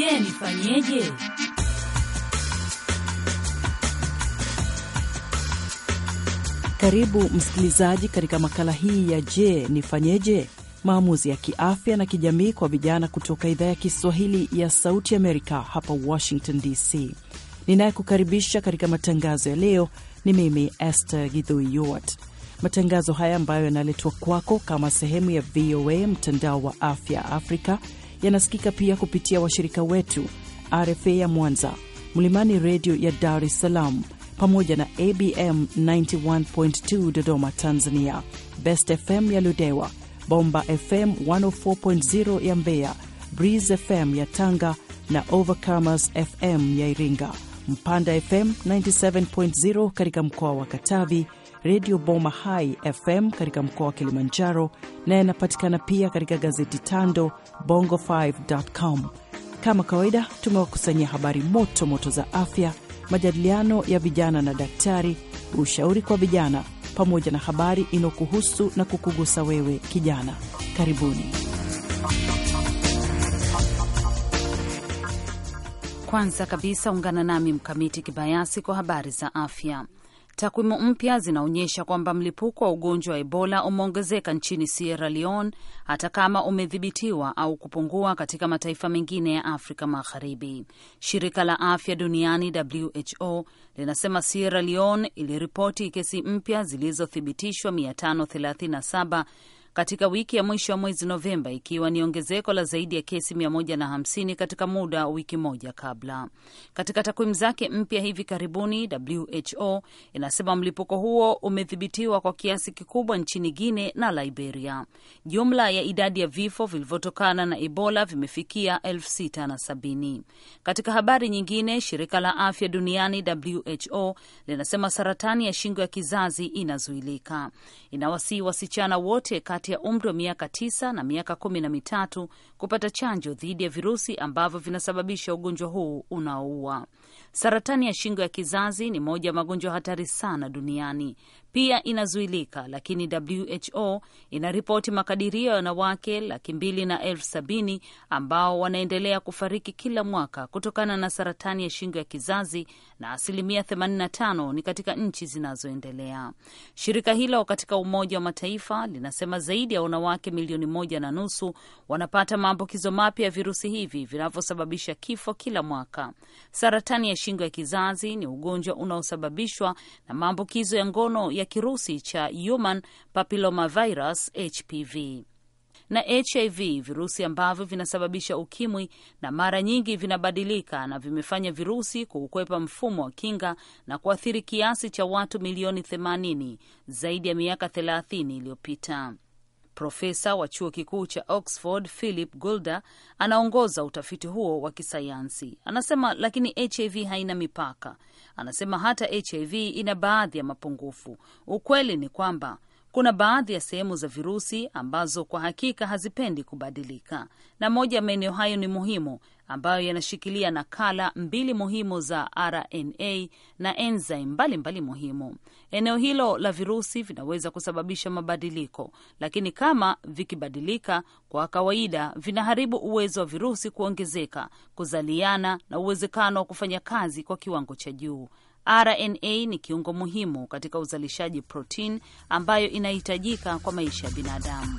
Je, nifanyeje? Karibu msikilizaji katika makala hii ya Je, nifanyeje? Maamuzi ya kiafya na kijamii kwa vijana kutoka idhaa ya Kiswahili ya Sauti Amerika hapa Washington DC. Ninayekukaribisha katika matangazo ya leo ni mimi Esther Githui Yuart. Matangazo haya ambayo yanaletwa kwako kama sehemu ya VOA mtandao wa afya Afrika yanasikika pia kupitia washirika wetu RFA ya Mwanza, Mlimani Redio ya Dar es Salaam, pamoja na ABM 91.2 Dodoma Tanzania, Best FM ya Ludewa, Bomba FM 104.0 ya Mbeya, Breeze FM ya Tanga na Overcomers FM ya Iringa, Mpanda FM 97.0 katika mkoa wa Katavi redio Boma Hai FM katika mkoa wa Kilimanjaro na yanapatikana pia katika gazeti Tando Bongo5.com. Kama kawaida, tumewakusanyia habari moto moto za afya, majadiliano ya vijana na daktari, ushauri kwa vijana, pamoja na habari inayokuhusu na kukugusa wewe kijana. Karibuni. Kwanza kabisa ungana nami Mkamiti Kibayasi kwa habari za afya. Takwimu mpya zinaonyesha kwamba mlipuko wa ugonjwa wa Ebola umeongezeka nchini Sierra Leone hata kama umedhibitiwa au kupungua katika mataifa mengine ya Afrika Magharibi. Shirika la Afya Duniani WHO linasema Sierra Leone iliripoti kesi mpya zilizothibitishwa 537 katika wiki ya mwisho ya mwezi Novemba, ikiwa ni ongezeko la zaidi ya kesi 150 katika muda wa wiki moja kabla. Katika takwimu zake mpya hivi karibuni, WHO inasema mlipuko huo umedhibitiwa kwa kiasi kikubwa nchini guine na Liberia. Jumla ya idadi ya vifo vilivyotokana na Ebola vimefikia 670 Katika habari nyingine, shirika la afya duniani WHO linasema saratani ya shingo ya kizazi inazuilika. inawasii wasichana wote kati ya umri wa miaka tisa na miaka kumi na mitatu kupata chanjo dhidi ya virusi ambavyo vinasababisha ugonjwa huu unaoua. Saratani ya shingo ya kizazi ni moja ya magonjwa hatari sana duniani pia inazuilika, lakini WHO inaripoti makadirio ya wanawake laki mbili na elfu sabini ambao wanaendelea kufariki kila mwaka kutokana na saratani ya shingo ya kizazi na asilimia 85 ni katika nchi zinazoendelea. Shirika hilo katika Umoja wa Mataifa linasema zaidi ya wanawake milioni moja na nusu wanapata maambukizo mapya ya virusi hivi vinavyosababisha kifo kila mwaka. Saratani ya shingo ya kizazi ni ugonjwa unaosababishwa na maambukizo ya ngono ya ya kirusi cha human papillomavirus HPV na HIV, virusi ambavyo vinasababisha ukimwi na mara nyingi vinabadilika na vimefanya virusi kuukwepa mfumo wa kinga na kuathiri kiasi cha watu milioni 80 zaidi ya miaka 30 iliyopita. Profesa wa chuo kikuu cha Oxford Philip Goulder anaongoza utafiti huo wa kisayansi. Anasema lakini HIV haina mipaka. Anasema hata HIV ina baadhi ya mapungufu. Ukweli ni kwamba kuna baadhi ya sehemu za virusi ambazo kwa hakika hazipendi kubadilika, na moja ya maeneo hayo ni muhimu, ambayo yanashikilia nakala mbili muhimu za RNA na enzyme mbalimbali muhimu. Eneo hilo la virusi vinaweza kusababisha mabadiliko, lakini kama vikibadilika kwa kawaida, vinaharibu uwezo wa virusi kuongezeka, kuzaliana na uwezekano wa kufanya kazi kwa kiwango cha juu. RNA ni kiungo muhimu katika uzalishaji protein ambayo inahitajika kwa maisha ya binadamu.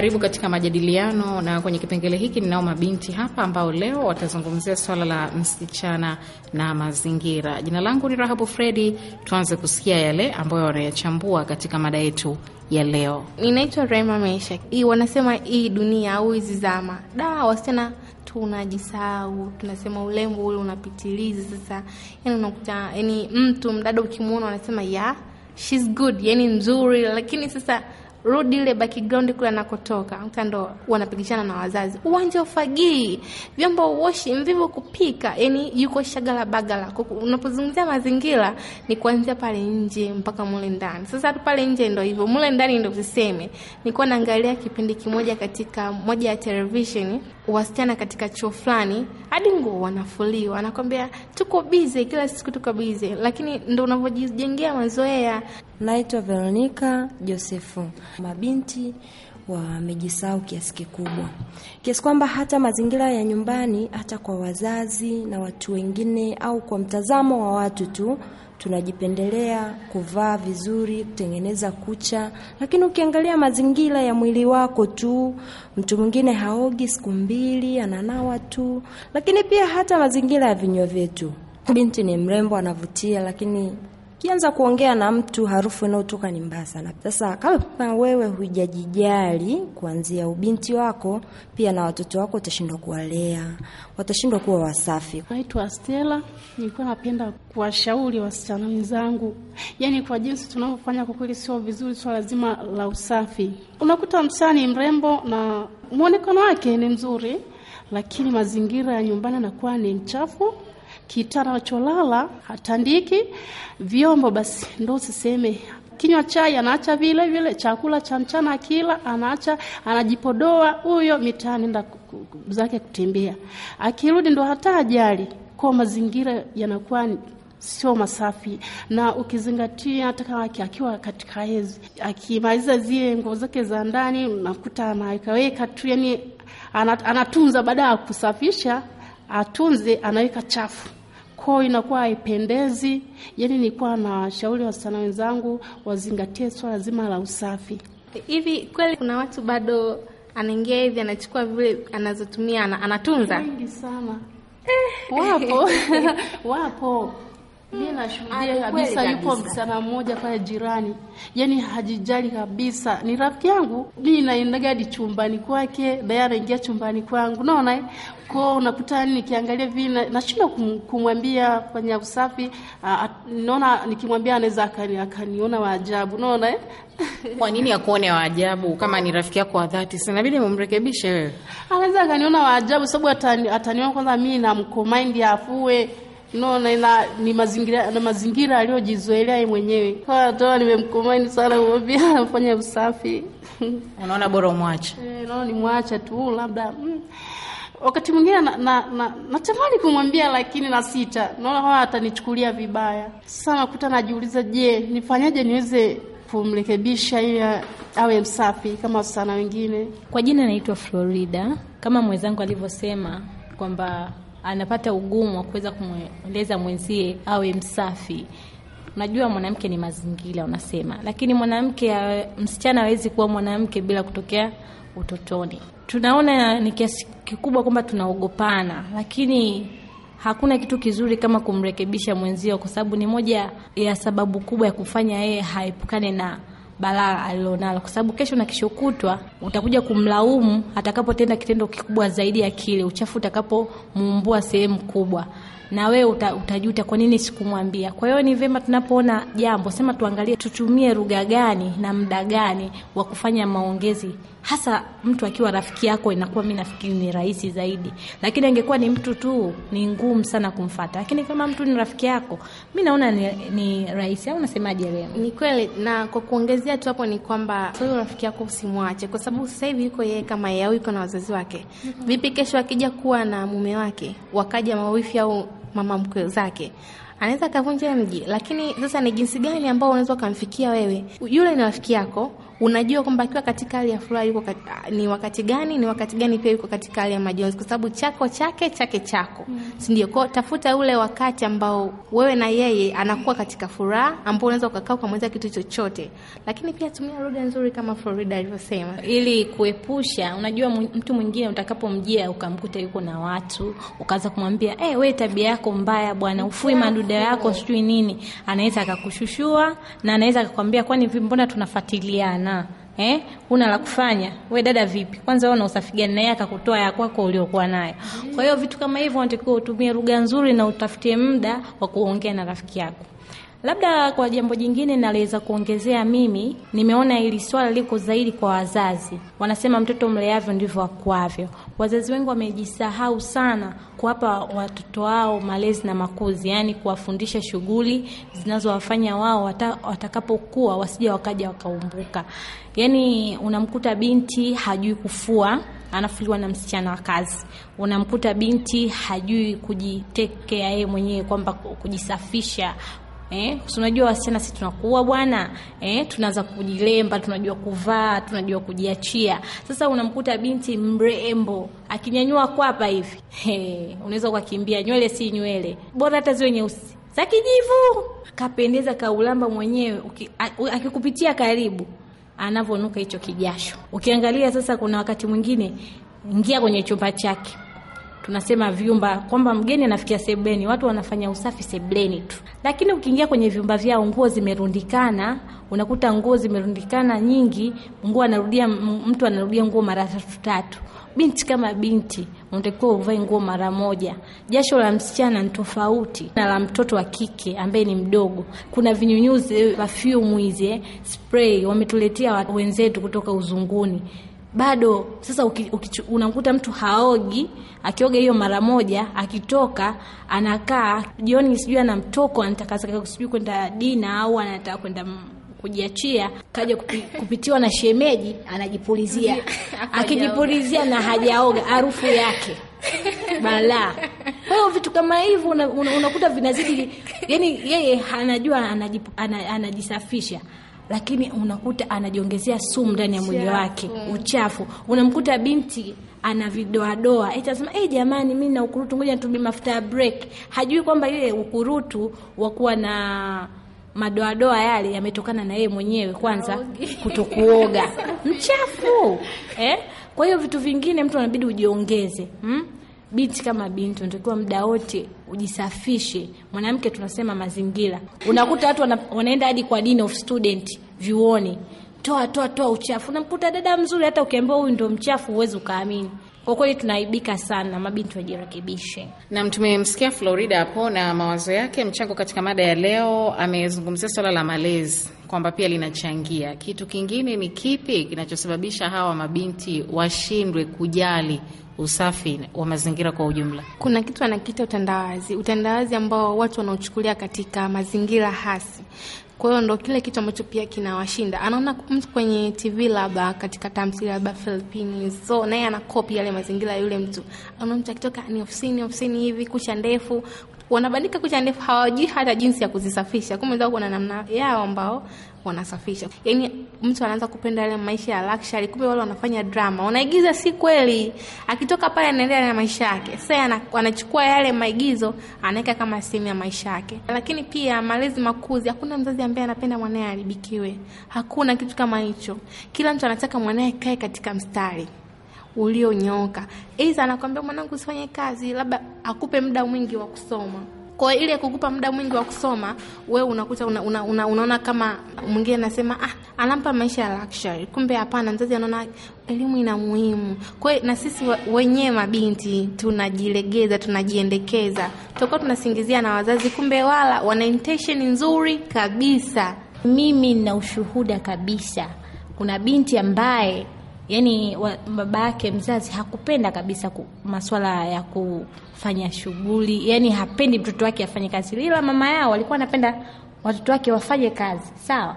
Karibu katika majadiliano, na kwenye kipengele hiki ninao mabinti hapa ambao leo watazungumzia swala la msichana na mazingira. Jina langu ni Rahabu Fredi. Tuanze kusikia yale ambayo wanayachambua katika mada yetu ya leo. Ninaitwa Rema Mesha. Hii Wanasema hii dunia au hizi zama, da, wasichana tunajisahau, tunasema ulembo ule unapitiliza. Sasa yani unakuta yani mtu mdada ukimwona wanasema ya yeah, she's good, yani nzuri, lakini sasa rudi ile background kule anakotoka, mkando wanapigishana na wazazi, uwanja ufagii, vyombo uoshi, mvivu kupika, yani yuko shagala bagala. Unapozungumzia mazingira ni kuanzia pale nje mpaka mule ndani. Sasa pale nje ndo hivyo, mule ndani ndo tuseme. Nilikuwa naangalia kipindi kimoja katika moja ya televisheni wasichana katika chuo fulani hadi nguo wanafuliwa, anakwambia tuko bize, kila siku tuko bize, lakini ndo unavyojijengea mazoea. Naitwa Veronica Josefu. Mabinti wamejisahau kiasi kikubwa, kiasi kwamba hata mazingira ya nyumbani, hata kwa wazazi na watu wengine, au kwa mtazamo wa watu tu, tunajipendelea kuvaa vizuri, kutengeneza kucha, lakini ukiangalia mazingira ya mwili wako tu, mtu mwingine haogi siku mbili, ananawa tu. Lakini pia hata mazingira ya vinywa vyetu, binti ni mrembo, anavutia, lakini Ukianza kuongea na mtu harufu inayotoka ni mbaya sana. Sasa kama wewe hujajijali kuanzia ubinti wako, pia na watoto wako utashindwa kuwalea, watashindwa kuwa wasafi. Naitwa Stella, nilikuwa napenda kuwashauri wasichana wenzangu, yani kwa jinsi tunavyofanya kwa kweli sio vizuri swala zima la usafi. Unakuta msichana ni mrembo na mwonekano wake ni mzuri, lakini mazingira ya nyumbani anakuwa ni mchafu kitara cholala hatandiki, vyombo basi ndo siseme kinywa chai anaacha vile vile, chakula cha mchana akila anaacha, anajipodoa huyo mitaani, nenda zake kutembea, akirudi ndo hata ajali kwa mazingira yanakuwa sio masafi, na ukizingatia hata kama akiwa katika hezi, akimaliza zile nguo zake za ndani nakuta anawekaweka tu, yani anatunza, baada ya kusafisha atunze, anaweka chafu kwao inakuwa haipendezi. Yani nilikuwa na shauri wasichana wenzangu wazingatie swala zima la usafi. Hivi kweli kuna watu bado anaingia hivi anachukua vile anazotumia anatunza? Wengi sana eh. Wapo wapo mimi nashuhudia kabisa, yupo msichana mmoja pale jirani, yaani hajijali kabisa, ni rafiki yangu. Mimi naendaga hadi chumbani kwake, naye anaingia chumbani kwangu, naona eh? ko unakuta yaani nikiangalia vile, nashindwa kumwambia fanya usafi. Naona nikimwambia anaweza akaniona waajabu, naona eh? kwa nini akuone waajabu? Kama ni rafiki yako wa dhati, sinabidi mumrekebishe wewe. Anaweza akaniona waajabu sababu ataniona kwanza, mimi namkomaindi afue Naona ina ni mazingira na mazingira aliyojizoelea yeye mwenyewe. Kwa toa nimemkomani sana pia afanye usafi. Unaona bora umwache. Eh, naona nimwacha tu labda mm. Wakati mwingine na, na, na, natamani kumwambia lakini na sita. Naona kama atanichukulia vibaya. Sasa nakuta najiuliza, je, nifanyaje niweze kumrekebisha ili awe msafi kama wasichana wengine. Kwa jina naitwa Florida, kama mwenzangu alivyosema kwamba anapata ugumu wa kuweza kumweleza mwenzie awe msafi. Unajua, mwanamke ni mazingira unasema, lakini mwanamke, msichana hawezi kuwa mwanamke bila kutokea utotoni. Tunaona ni kiasi kikubwa kwamba tunaogopana, lakini hakuna kitu kizuri kama kumrekebisha mwenzio, kwa sababu ni moja ya sababu kubwa ya kufanya yeye haepukane na balaa alilonalo, kwa sababu kesho na kesho kutwa utakuja kumlaumu atakapotenda kitendo kikubwa zaidi ya kile, uchafu utakapomuumbua sehemu kubwa na wewe uta, utajuta kwa nini sikumwambia. Kwa hiyo ni vyema tunapoona jambo sema, tuangalie tutumie lugha gani na muda gani wa kufanya maongezi hasa mtu akiwa rafiki yako, inakuwa mi nafikiri ni rahisi zaidi, lakini angekuwa ni mtu tu, ni ngumu sana kumfata. Lakini kama mtu ni rafiki yako, mi naona ni, ni rahisi. Au unasemaje, Leo? Ni kweli, na kwa kuongezea tu hapo ni kwamba huyo rafiki yako usimwache, kwa sababu sasa hivi yuko yeye kama yeye au yuko na wazazi wake. Mm-hmm. Vipi kesho akija kuwa na mume wake, wakaja mawifi au mama mkwe zake anaweza akavunja mji, lakini sasa ni jinsi gani ambao unaweza ukamfikia wewe? Yule ni rafiki yako unajua kwamba akiwa katika hali ya furaha yuko kat, ni wakati gani, ni wakati gani pia yuko katika hali ya majonzi, kwa sababu chako chake chake chako, mm. si ndio? Kwao tafuta ule wakati ambao wewe na yeye anakuwa katika furaha, ambao unaweza ukakaa ukamweleza kitu chochote, lakini pia tumia lugha nzuri kama Florida alivyosema, ili kuepusha. Unajua mtu mwingine utakapomjia ukamkuta yuko na watu, ukaanza kumwambia eh, hey, wewe tabia yako mbaya bwana, ufui maduda yako sijui nini, anaweza akakushushua na anaweza akakwambia, kwani vipi, mbona tunafuatiliana bwana eh, una la kufanya we dada, vipi? Kwanza wewe una usafi gani? Naye akakutoa ya kwako uliokuwa nayo. Kwa hiyo vitu kama hivyo unatakiwa utumie lugha nzuri na utafutie muda wa kuongea na rafiki yako. Labda kwa jambo jingine naweza kuongezea, mimi nimeona hili swala liko zaidi kwa wazazi. Wanasema mtoto mleavyo ndivyo akuavyo. Wazazi wengi wamejisahau sana kuwapa watoto wao malezi na makuzi, yaani kuwafundisha shughuli zinazowafanya wao watakapokuwa wasija wakaja wakaumbuka. Yaani unamkuta binti hajui kufua anafuliwa na msichana wa kazi. Unamkuta binti hajui kujitekea yeye mwenyewe, kwamba kujisafisha, eh, unajua wasichana sisi tunakuwa bwana eh, tunaanza kujilemba, tunajua kuvaa, tunajua kujiachia. Sasa unamkuta binti mrembo akinyanyua kwapa hivi, eh, unaweza ukakimbia, nywele si nywele, bora hata ziwe nyeusi za kijivu, kapendeza, kaulamba mwenyewe, akikupitia karibu anavonuka hicho kijasho. Ukiangalia sasa, kuna wakati mwingine ingia kwenye chumba chake tunasema vyumba, kwamba mgeni anafikia sebleni, watu wanafanya usafi sebleni tu, lakini ukiingia kwenye vyumba vyao nguo zimerundikana, unakuta nguo zimerundikana nyingi, nguo anarudia, mtu anarudia nguo mara tatu tatu. Binti kama binti unatakiwa uvae nguo mara moja. Jasho la msichana ni tofauti na la mtoto wa kike ambaye ni mdogo. Kuna vinyunyuzi, perfume hizi, eh, spray wametuletea wenzetu kutoka uzunguni bado sasa uki, uki, unamkuta mtu haogi, akioga hiyo mara moja, akitoka anakaa jioni, sijui ana mtoko, anataka sijui kwenda dina au anataka kwenda kujiachia, kaja kupi, kupitiwa na shemeji, anajipulizia akijipulizia na hajaoga, harufu yake bala. Kwa hiyo vitu kama hivyo unakuta una, una vinazidi, yani yeye anajua anajisafisha lakini unakuta anajiongezea sumu ndani ya mwili wake, uchafu. Unamkuta binti ana vidoadoa eti anasema hey, eh, jamani, mi na ukurutu, ngoja nitumie mafuta ya break. Hajui kwamba ile ukurutu wa kuwa na madoadoa yale yametokana na yeye mwenyewe kwanza kutokuoga mchafu eh? Kwa hiyo vitu vingine mtu anabidi ujiongeze hmm? binti kama binti unatakiwa muda wote ujisafishe. Mwanamke tunasema mazingira, unakuta watu wanaenda hadi kwa dean of student vyuoni, toa toa toa uchafu. Unamkuta dada mzuri, hata ukiambiwa huyu ndio mchafu huwezi ukaamini. Kwa kweli tunaaibika sana, mabinti wajirekebishe. Nam, tumemsikia Florida hapo na mawazo yake, mchango katika mada ya leo. Amezungumzia swala la malezi kwamba pia linachangia. Kitu kingine ni kipi kinachosababisha hawa mabinti washindwe kujali usafi wa mazingira kwa ujumla? Kuna kitu anakita utandawazi, utandawazi ambao watu wanaochukulia katika mazingira hasi kwa hiyo ndo kile kitu ambacho pia kinawashinda. Anaona mtu kwenye TV labda katika tamthilia labda Filipini, so naye anakopi yale mazingira ya yule mtu. Anaona mtu akitoka ni ofisini, ofisini hivi, kucha ndefu, wanabandika kucha ndefu, hawajui hata jinsi ya kuzisafisha. Kumbe zao kuna namna yao ambao wanasafisha. Yani mtu anaanza kupenda yale maisha ya luxury, kumbe wale wanafanya drama, wanaigiza, si kweli. Akitoka pale anaendelea na maisha yake. Sasa anachukua yale maigizo anaweka kama sehemu ya maisha yake. Lakini pia malezi, makuzi, hakuna mzazi ambaye anapenda mwanae aribikiwe Hakuna kitu kama hicho. Kila mtu anataka mwanae kae katika mstari ulionyoka. Aidha anakwambia mwanangu, usifanye kazi, labda akupe muda mwingi wa kusoma. Kwa ile kukupa muda mwingi wa kusoma, we unakuta una, una, una, unaona kama mwingine anasema ah, anampa maisha ya luxury, kumbe hapana. Mzazi anaona elimu ina muhimu. Kwa na sisi wenyewe mabinti tunajilegeza, tunajiendekeza, tutakuwa tunasingizia na wazazi, kumbe wala wana intention nzuri kabisa. Mimi nina ushuhuda kabisa, kuna binti ambaye yani baba yake mzazi hakupenda kabisa maswala ya kufanya shughuli, yani hapendi mtoto wake afanye kazi, ila mama yao walikuwa anapenda watoto wake wafanye kazi. Sawa,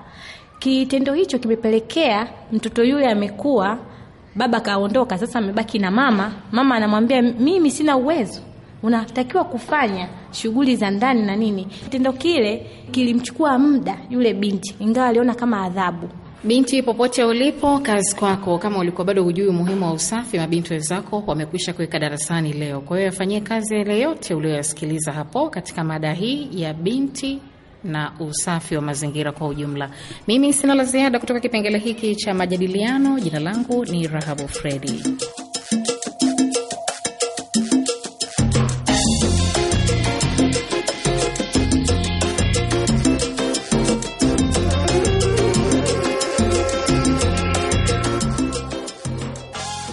kitendo hicho kimepelekea mtoto yule amekuwa baba kaondoka, sasa amebaki na mama. Mama anamwambia mimi sina uwezo, unatakiwa kufanya shughuli za ndani na nini. Kitendo kile kilimchukua muda yule binti, ingawa aliona kama adhabu Binti, popote ulipo, kazi kwako. Kama ulikuwa bado hujui umuhimu wa usafi, mabinti wenzako wamekwisha kuweka darasani leo. Kwa hiyo yafanyie kazi yale yote uliyoyasikiliza hapo katika mada hii ya binti na usafi wa mazingira kwa ujumla. Mimi sina la ziada kutoka kipengele hiki cha majadiliano. Jina langu ni Rahabu Fredi.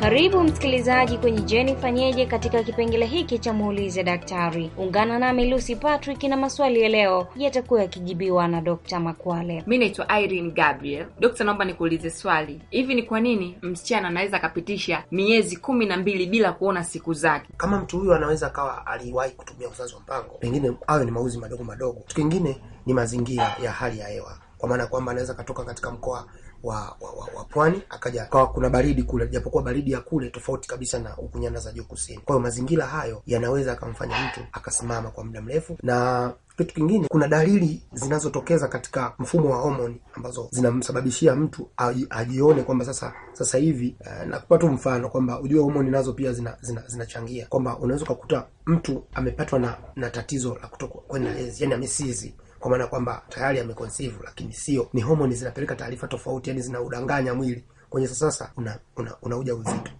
Karibu msikilizaji kwenye Jeni Fanyeje katika kipengele hiki cha muulize daktari. Ungana nami Lucy Patrick na maswali ya leo yatakuwa yakijibiwa na Dokta Makwale. Mi naitwa Irene Gabriel. Dokta, naomba nikuulize swali, hivi ni kwa nini msichana anaweza akapitisha miezi kumi na mbili bila kuona siku zake? Kama mtu huyu anaweza akawa aliwahi kutumia uzazi wa mpango, pengine hayo ni mauzi madogo madogo. Kitu kingine ni mazingira ya hali ya hewa, kwa maana ya kwamba anaweza akatoka katika mkoa wa, wa, wa, wa pwani akaja kwa kuna baridi kule, japokuwa baridi ya kule tofauti kabisa na huku nyanda za juu kusini. Kwa hiyo mazingira hayo yanaweza akamfanya mtu akasimama kwa muda mrefu na kitu kingine, kuna dalili zinazotokeza katika mfumo wa homoni ambazo zinamsababishia mtu ajione kwamba sasa sasa hivi uh, nakupa tu mfano kwamba ujue homoni nazo pia zinachangia zina, zina kwamba unaweza ukakuta mtu amepatwa na na tatizo la kutokwenda hezi yani amesizi kwa maana kwamba tayari ameconceive, lakini sio. Ni homoni zinapeleka taarifa tofauti, yani zinaudanganya mwili kwenye sasa una, una, una uja uzito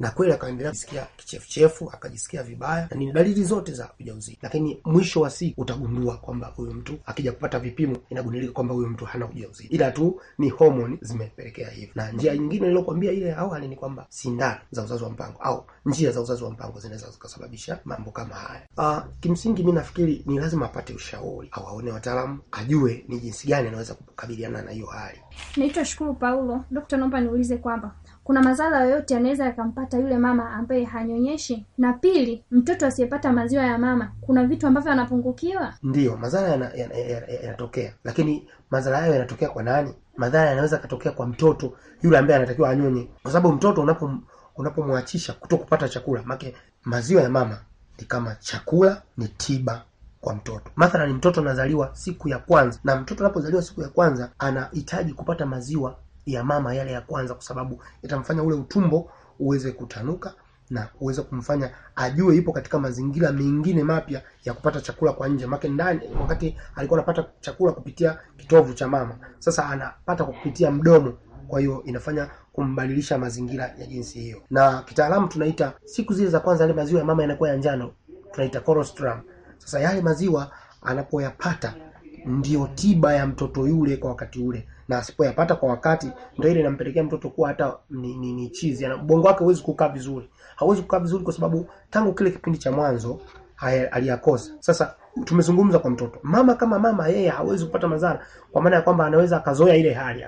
na kweli akaendelea kusikia kichefuchefu, akajisikia vibaya na ni dalili zote za ujauzito. Lakini mwisho wa siku utagundua kwamba huyu mtu akija kupata vipimo inagundulika kwamba huyu mtu hana ujauzito, ila tu ni homoni zimepelekea hivyo. Na njia nyingine niliyokuambia ile awali ni kwamba sindano za uzazi wa mpango au njia za uzazi wa mpango zinaweza zikasababisha mambo kama haya. uh, kimsingi mi nafikiri ni lazima apate ushauri au aone wataalamu, ajue ni jinsi gani anaweza kukabiliana na hiyo hali. Naitwa Shukuru Paulo. Dokta, naomba niulize kwamba kuna madhara yoyote yanaweza yakampata yule mama ambaye hanyonyeshi? Na pili, mtoto asiyepata maziwa ya mama, kuna vitu ambavyo anapungukiwa. Ndiyo, madhara yanatokea yana, yana, lakini madhara hayo yanatokea kwa nani? Madhara yanaweza katokea kwa mtoto yule ambaye anatakiwa anyonye, kwa sababu mtoto unapo unapomwachisha kuto kupata chakula, make maziwa ya mama ni kama chakula, ni tiba kwa mtoto. Mathalani, mtoto anazaliwa siku ya kwanza, na mtoto anapozaliwa siku ya kwanza anahitaji kupata maziwa ya mama yale ya kwanza, kwa sababu itamfanya ule utumbo uweze kutanuka na uweze kumfanya ajue ipo katika mazingira mengine mapya ya kupata chakula kwa nje. Maana ndani wakati alikuwa anapata chakula kupitia kitovu cha mama, sasa anapata kupitia mdomo. Kwa hiyo inafanya kumbadilisha mazingira ya jinsi hiyo, na kitaalamu tunaita siku zile za kwanza, yale maziwa ya mama yanakuwa ya njano, tunaita colostrum. Sasa yale maziwa anapoyapata ndiyo tiba ya mtoto yule kwa wakati ule na asipoyapata kwa wakati ndio ile inampelekea mtoto kuwa hata ni, ni, ni chizi. Yaani ubongo wake huwezi kukaa vizuri, hauwezi kukaa vizuri kwa sababu tangu kile kipindi cha mwanzo aliyakosa. Sasa tumezungumza kwa mtoto, mama kama mama, yeye hawezi kupata madhara, kwa maana ya kwamba anaweza akazoea ile hali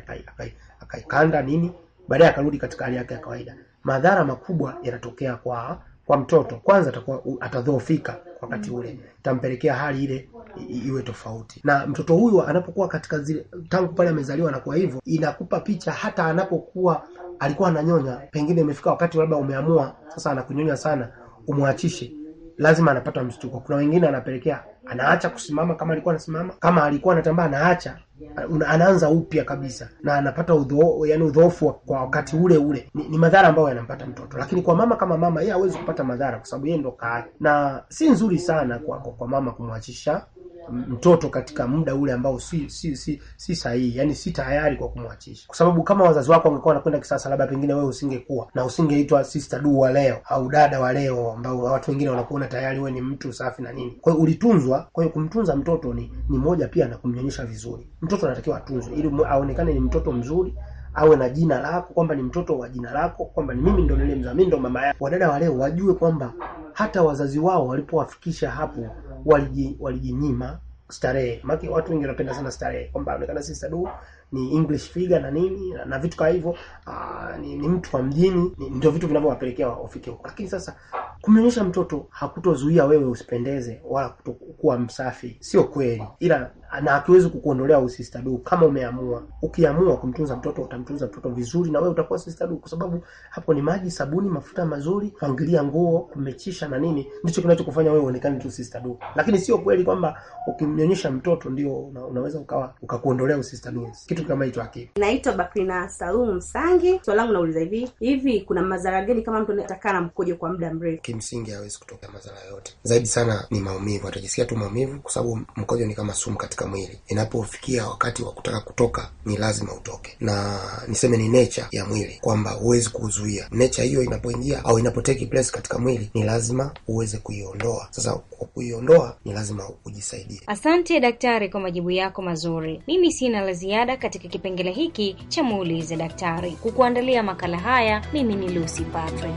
akaikanda nini, baadaye akarudi katika hali yake ya kawaida. Madhara makubwa yanatokea kwa kwa mtoto. Kwanza atakuwa atadhoofika wakati ule, tampelekea hali ile iwe tofauti, na mtoto huyu anapokuwa katika zile tangu pale amezaliwa, anakuwa hivyo, inakupa picha hata anapokuwa alikuwa ananyonya, pengine imefika wakati labda umeamua sasa anakunyonya sana, umwachishe lazima anapata mshtuko. Kuna wengine anapelekea anaacha kusimama kama alikuwa anasimama, kama alikuwa anatambaa anaacha, anaanza upya kabisa na anapata udhoofu, yani udhoofu kwa wakati ule ule. Ni, ni madhara ambayo yanampata mtoto, lakini kwa mama kama mama, yeye hawezi kupata madhara kwa sababu yeye ndo kaa, na si nzuri sana kwa, kwa, kwa mama kumwachisha mtoto katika muda ule ambao si si si, si sahihi, yani si tayari kwa kumwachisha, kwa sababu kama wazazi wako wangekuwa wanakwenda kisasa, labda pengine wewe usingekuwa na usingeitwa sister du wa leo au dada wa leo, ambao watu wengine wanakuona tayari wewe ni mtu safi na nini. Kwa hiyo ulitunzwa. Kwa hiyo kumtunza mtoto ni ni moja pia na kumnyonyesha vizuri. Mtoto anatakiwa atunzwe ili aonekane ni mtoto mzuri awe na jina lako, kwamba ni mtoto wa jina lako, kwamba ni mimi ndo nilimzaa, mimi ndo mama yako Wadada wale wajue kwamba hata wazazi wao walipowafikisha hapo waliji, walijinyima starehe. Maki watu wengi wanapenda sana starehe, kwamba anaonekana sisi sadu ni English figure na nini na, na vitu kama hivyo ah, ni, ni mtu wa mjini, ndio vitu vinavyowapelekea wafike huko. Lakini sasa kumnyonyesha mtoto hakutozuia wewe usipendeze wala kutokuwa msafi, sio kweli, ila na hatuwezi kukuondolea wewe sister dog kama umeamua. Ukiamua kumtunza mtoto utamtunza mtoto vizuri, na wewe utakuwa sister dog, kwa sababu hapo ni maji, sabuni, mafuta mazuri, kuangalia nguo, kumechisha na nini, ndicho kinachokufanya wewe uonekane tu sister dog. Lakini sio kweli kwamba ukimnyonyesha mtoto ndio una, unaweza ukawa ukakuondolea usister dog, kitu kama hicho hakipo. Naitwa Bakrina Salum Msangi, swali langu nauliza hivi hivi, kuna madhara gani kama mtu anatakana na mkojo kwa muda mrefu? Kimsingi hawezi kutoka madhara yote, zaidi sana ni maumivu, atajisikia tu maumivu, kwa sababu mkojo ni kama sumu katika katika mwili. Inapofikia wakati wa kutaka kutoka, ni lazima utoke, na niseme ni nature ya mwili kwamba huwezi kuzuia nature hiyo. Inapoingia au inapoteki place katika mwili, ni lazima uweze kuiondoa. Sasa kwa kuiondoa, ni lazima ujisaidie. Asante daktari kwa majibu yako mazuri. Mimi sina la ziada katika kipengele hiki cha muulize daktari. Kukuandalia makala haya, mimi ni Lucy Patrick.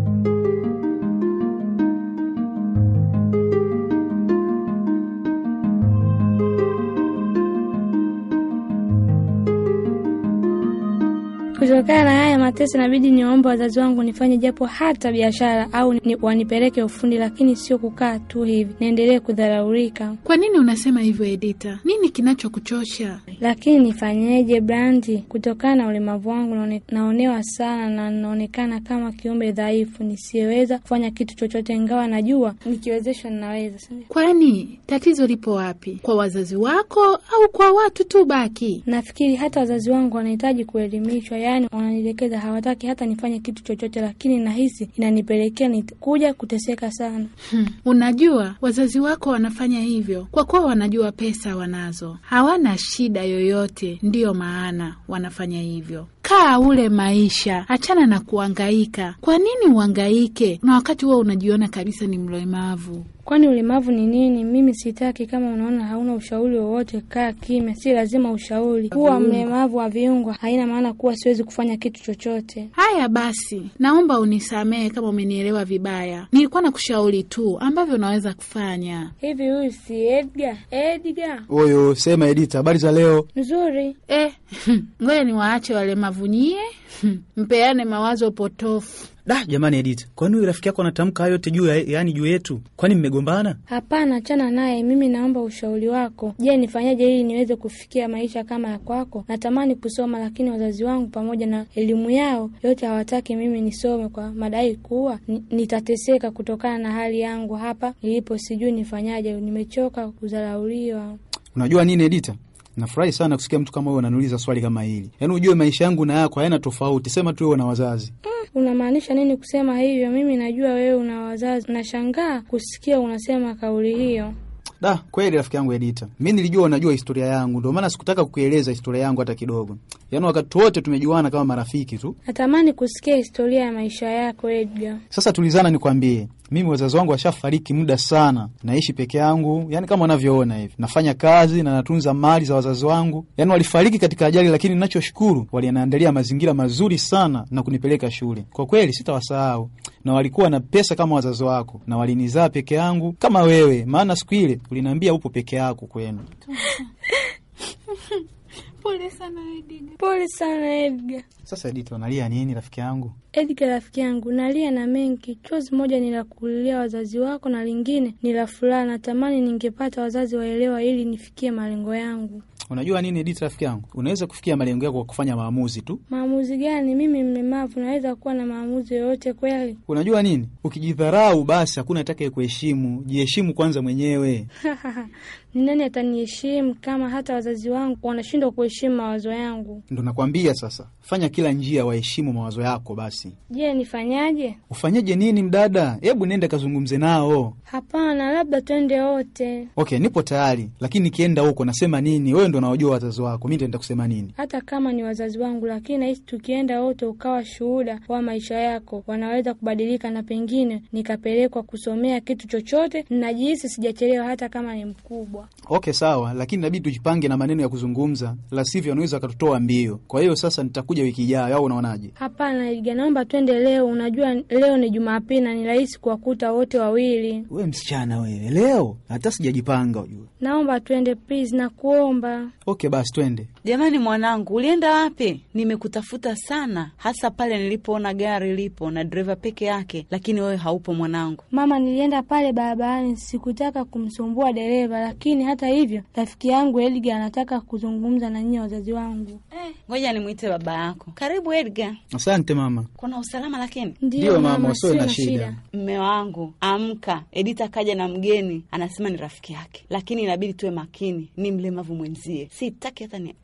Kutokana na haya mateso, inabidi niwaomba wazazi wangu nifanye japo hata biashara au ni, wanipeleke ufundi, lakini sio kukaa tu hivi niendelee kudharaurika. Kwa nini unasema hivyo Edita? Nini kinachokuchosha? Lakini nifanyeje Brandi? Kutokana na ulemavu wangu naonewa sana na naonekana kama kiumbe dhaifu nisiyeweza kufanya kitu chochote, ingawa najua nikiwezeshwa ninaweza. Kwani tatizo lipo wapi? Kwa wazazi wako au kwa watu tu baki? Nafikiri hata wazazi wangu wanahitaji kuelimishwa, yani fulani wananielekeza, hawataki hata nifanye kitu chochote, lakini nahisi inanipelekea kuja kuteseka sana. Hmm. Unajua, wazazi wako wanafanya hivyo kwa kuwa wanajua pesa wanazo, hawana shida yoyote, ndiyo maana wanafanya hivyo kaa ule maisha, achana na kuangaika. Kwa nini uangaike na wakati huo unajiona kabisa ni mlemavu? Kwani ulemavu ni nini? Mimi sitaki. Kama unaona hauna ushauri wowote, kaa kimya, si lazima ushauri. Kuwa mlemavu wa viungo haina maana kuwa siwezi kufanya kitu chochote. Haya basi, naomba unisamehe kama umenielewa vibaya, nilikuwa na kushauri tu ambavyo unaweza kufanya. Hivi huyu si Edgar? Edgar huyu, sema Edita, habari za leo? Nzuri. Eh, ngoja niwaache walemavu mwavunie, mpeane mawazo potofu. Da, jamani Edith, kwani huyu rafiki yako anatamka hayo yote juu yaani juu yetu? Kwani mmegombana? Hapana, achana naye. Mimi naomba ushauri wako. Je, nifanyaje ili niweze kufikia maisha kama ya kwako? Natamani kusoma, lakini wazazi wangu pamoja na elimu yao yote hawataki mimi nisome kwa madai kuwa nitateseka kutokana na hali yangu hapa nilipo. Sijui nifanyaje, nimechoka kudharauliwa. Unajua nini Edita, Nafurahi sana kusikia mtu kama huyo ananiuliza swali kama hili. Yaani ujue maisha yangu na yako hayana tofauti, sema tu wewe una wazazi. Mm, unamaanisha nini kusema hivyo? Mimi najua wewe una wazazi, nashangaa kusikia unasema kauli hiyo. Da, kweli rafiki yangu Edita, mi nilijua unajua historia yangu, ndio maana sikutaka kukueleza historia yangu hata kidogo. Yaani wakati wote tumejuana kama marafiki tu. Natamani kusikia historia ya maisha yako Edgar. Sasa tulizana, nikwambie mimi wazazi wangu washafariki muda sana, naishi peke yangu, yani kama unavyoona hivi, nafanya kazi na natunza mali za wazazi wangu. Yani walifariki katika ajali, lakini ninachoshukuru waliniandalia mazingira mazuri sana na kunipeleka shule. Kwa kweli sitawasahau, na walikuwa na pesa kama wazazi wako, na walinizaa peke yangu kama wewe, maana siku ile uliniambia upo peke yako kwenu Pole sana Edgar. Pole sana Edgar. Sasa Edith, unalia nini rafiki yangu? Edgar rafiki yangu, nalia na mengi. Chozi moja ni la kulilia wazazi wako na lingine ni la furaha. Natamani ningepata wazazi waelewa ili nifikie malengo yangu. Unajua nini Edith, rafiki yangu, unaweza kufikia malengo yako kwa kufanya maamuzi tu. Maamuzi gani? Mimi mlemavu, naweza kuwa na maamuzi yoyote kweli? Unajua nini, ukijidharau basi hakuna atake kuheshimu. Jiheshimu kwanza mwenyewe. Ni nani ataniheshimu kama hata wazazi wangu wanashindwa kuheshimu mawazo yangu? Ndo nakwambia sasa, fanya kila njia waheshimu mawazo yako. Basi je, nifanyaje? Ufanyaje nini, mdada? Hebu nenda kazungumze nao. Hapana, labda twende wote. Okay, nipo tayari, lakini nikienda huko nasema nini wewe ndo unawajua wazazi wako, mi nitaenda kusema nini? Hata kama ni wazazi wangu, lakini nahisi tukienda wote ukawa shuhuda wa maisha yako, wanaweza kubadilika, na pengine nikapelekwa kusomea kitu chochote. Najihisi sijachelewa hata kama ni mkubwa. Okay, sawa, lakini nabidi tujipange na maneno ya kuzungumza, la sivyo wanaweza wakatutoa mbio. Kwa hiyo sasa nitakuja wiki ijayo, au unaonaje? Hapana Iga, naomba twende leo. Unajua leo ni Jumapili na ni rahisi kuwakuta wote wawili. We msichana wewe, leo hata sijajipanga ujue. Naomba twende please, nakuomba. Mwanza. Okay, basi twende. Jamani, mwanangu, ulienda wapi? Nimekutafuta sana, hasa pale nilipoona gari lipo na dreva peke yake, lakini wewe haupo mwanangu. Mama, nilienda pale barabarani, sikutaka kumsumbua dereva, lakini hata hivyo rafiki yangu Edgar anataka kuzungumza na nyinyi wazazi wangu. Eh, ngoja eh, nimwite baba yako. Karibu Edgar. Asante mama. Kuna usalama lakini? Ndio mama, usiwe na shida. Mme wangu, amka. Edita kaja na mgeni, anasema ni rafiki yake, lakini inabidi tuwe makini, ni mlemavu mwenzi nimalizie, sitaki hata ni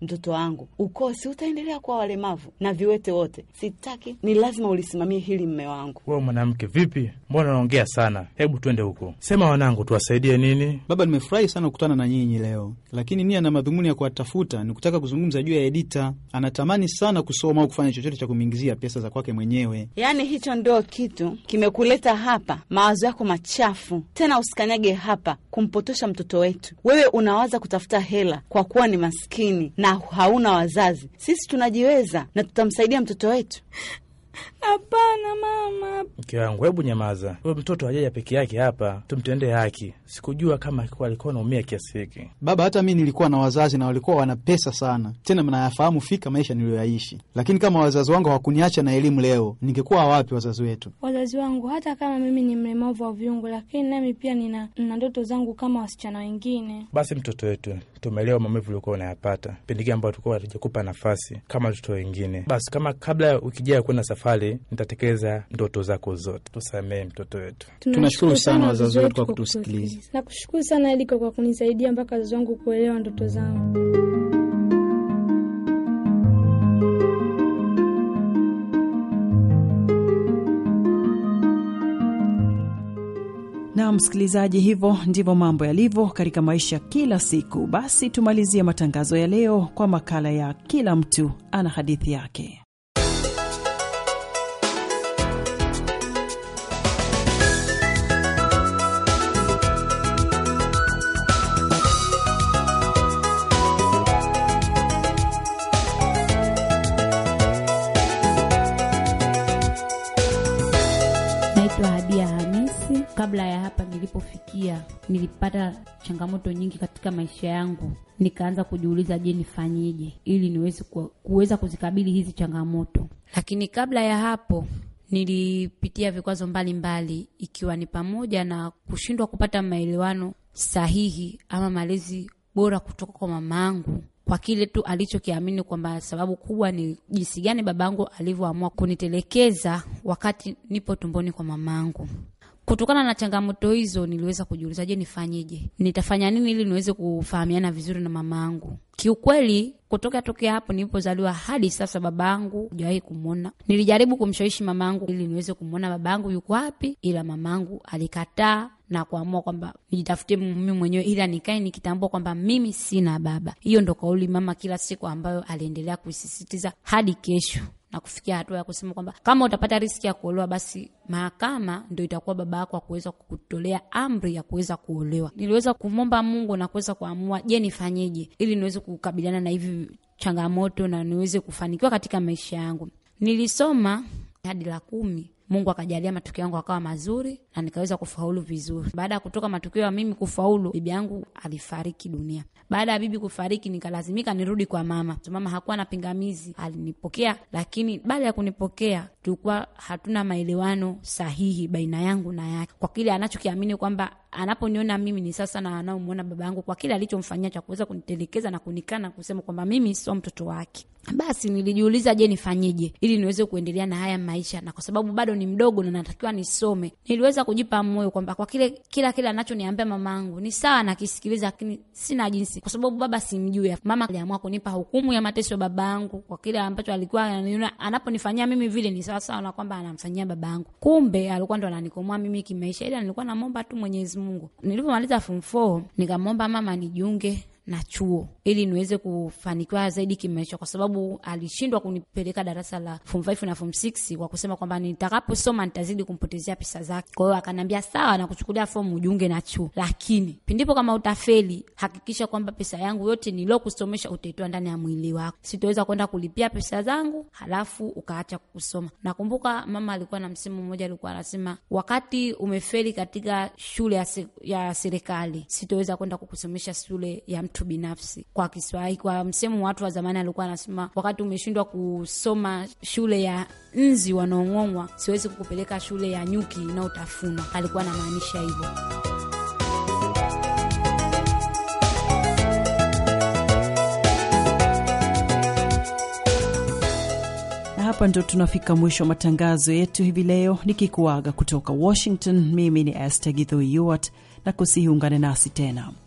mtoto wangu. ukosi utaendelea kuwa walemavu na viwete wote, sitaki, ni lazima ulisimamie hili mme wangu. Wewe mwanamke vipi? Mbona unaongea sana? Hebu twende huko, sema wanangu, tuwasaidie nini? Baba, nimefurahi sana kukutana na nyinyi leo, lakini nia na madhumuni ya kuwatafuta ni kutaka kuzungumza juu ya Edita. Anatamani sana kusoma au kufanya chochote cha kumingizia pesa za kwake mwenyewe. Yaani hicho ndio kitu kimekuleta hapa, mawazo yako machafu. Tena usikanyage hapa kumpotosha mtoto wetu. Wewe unawaza kutafuta hela kwa kuwa ni maskini na hauna wazazi. Sisi tunajiweza na tutamsaidia mtoto wetu. Hapana mama. Mke wangu, hebu nyamaza. Huyo mtoto hajaja peke yake hapa, tumtende haki. Sikujua kama alikuwa anaumia kiasi hiki. Baba, hata mi nilikuwa na wazazi na walikuwa wana pesa sana, tena mnayafahamu fika maisha niliyoyaishi, lakini kama wazazi wangu hawakuniacha na elimu leo, ningekuwa wapi wazazi wetu? Wazazi wangu, hata kama mimi ni mlemavu wa viungo, lakini nami pia nina ndoto zangu kama wasichana wengine. Basi mtoto wetu, tumeelewa maumivu uliokuwa unayapata pindi ambayo tulikuwa hatujakupa nafasi kama watoto wengine. Basi kama kabla ukijaa kwenda safari pale nitatekeleza ndoto zako zote. Tusamee mtoto wetu. Tunashukuru sana wazazi wetu kwa kutusikiliza. Nakushukuru sana Eliko kwa kunisaidia mpaka wazazi wangu kuelewa ndoto zangu. Na msikilizaji, hivyo ndivyo mambo yalivyo katika maisha kila siku. Basi tumalizie matangazo ya leo kwa makala ya kila mtu ana hadithi yake. pia nilipata changamoto nyingi katika maisha yangu, nikaanza kujiuliza, je, nifanyije ili niweze kuweza kuzikabili hizi changamoto. Lakini kabla ya hapo nilipitia vikwazo mbalimbali, ikiwa ni pamoja na kushindwa kupata maelewano sahihi ama malezi bora kutoka kwa mamangu kwa kile tu alichokiamini kwamba sababu kubwa ni jinsi gani babangu alivyoamua kunitelekeza wakati nipo tumboni kwa mamangu. Kutokana na changamoto hizo, niliweza kujiuliza, je, nifanyeje? Nitafanya nini ili niweze kufahamiana vizuri na mamaangu? Kiukweli, kutoka tokea hapo nilipozaliwa hadi sasa babangu hujawahi kumwona. Nilijaribu kumshawishi mamangu ili niweze kumwona babangu yuko wapi, ila mamangu alikataa na kuamua kwamba nijitafutie mimi mwenyewe, ila nikae nikitambua kwamba mimi sina baba. Hiyo ndo kauli mama kila siku ambayo aliendelea kuisisitiza hadi kesho na kufikia hatua ya kusema kwamba kama utapata riski ya kuolewa, basi mahakama ndo itakuwa baba yako akuweza kutolea amri ya kuweza kuolewa. Niliweza kumwomba Mungu na kuweza kuamua, je, nifanyeje ili niweze kukabiliana na hivi changamoto na niweze kufanikiwa katika maisha yangu. Nilisoma hadi la kumi Mungu akajalia matukio yangu akawa mazuri na nikaweza kufaulu vizuri. Baada ya kutoka matukio ya mimi kufaulu, bibi yangu alifariki dunia. Baada ya bibi kufariki, nikalazimika nirudi kwa mama. Mama hakuwa na pingamizi, alinipokea. Lakini baada ya kunipokea tulikuwa hatuna maelewano sahihi baina yangu na yake, kwa kile anachokiamini kwamba anaponiona mimi ni sasa na anaomwona baba yangu, kwa kile alichomfanyia cha kuweza kunitelekeza na kunikana kusema kwamba mimi sio mtoto wake. Basi nilijiuliza, je, nifanyije ili niweze kuendelea na haya maisha, na kwa sababu bado ni mdogo na natakiwa nisome. Niliweza kujipa moyo kwamba kwa kile kila kile anachoniambia mama yangu ni sawa, nakisikiliza, lakini sina jinsi, kwa sababu baba simjui. Mama aliamua kunipa hukumu ya mateso ya baba yangu kwa kile ambacho alikuwa ananiona, anaponifanyia mimi vile ni sawa sasa sasa kwamba anamfanyia baba yangu, kumbe alikuwa ndo ananikomoa mimi kimaisha, ila nilikuwa namomba tu Mwenyezi Mungu. Nilivyomaliza form four nikamwomba mama nijiunge na chuo ili niweze kufanikiwa zaidi kimaisha, kwa sababu alishindwa kunipeleka darasa la form 5 na form 6 kwa kusema kwamba nitakaposoma nitazidi kumpotezea pesa zake. Kwa hiyo akaniambia sawa, nakuchukulia fomu ujunge na chuo, lakini pindipo kama utafeli, hakikisha kwamba pesa yangu yote niliokusomesha utaitoa ndani ya mwili wako, sitoweza kwenda kulipia pesa zangu halafu ukaacha kusoma. Nakumbuka mama alikuwa na msimu mmoja, alikuwa anasema wakati umefeli katika shule ya serikali, sitoweza kwenda kukusomesha shule ya mtu mtu binafsi. Kwa Kiswahili, kwa msemo watu wa zamani alikuwa anasema, wakati umeshindwa kusoma shule ya nzi wanaong'ong'wa, siwezi kukupeleka shule ya nyuki inayotafunwa. Alikuwa anamaanisha hivyo. Hapa ndo tunafika mwisho wa matangazo yetu hivi leo, nikikuaga kutoka Washington. Mimi ni Esther Githo Yuart, na kusihi ungane nasi tena.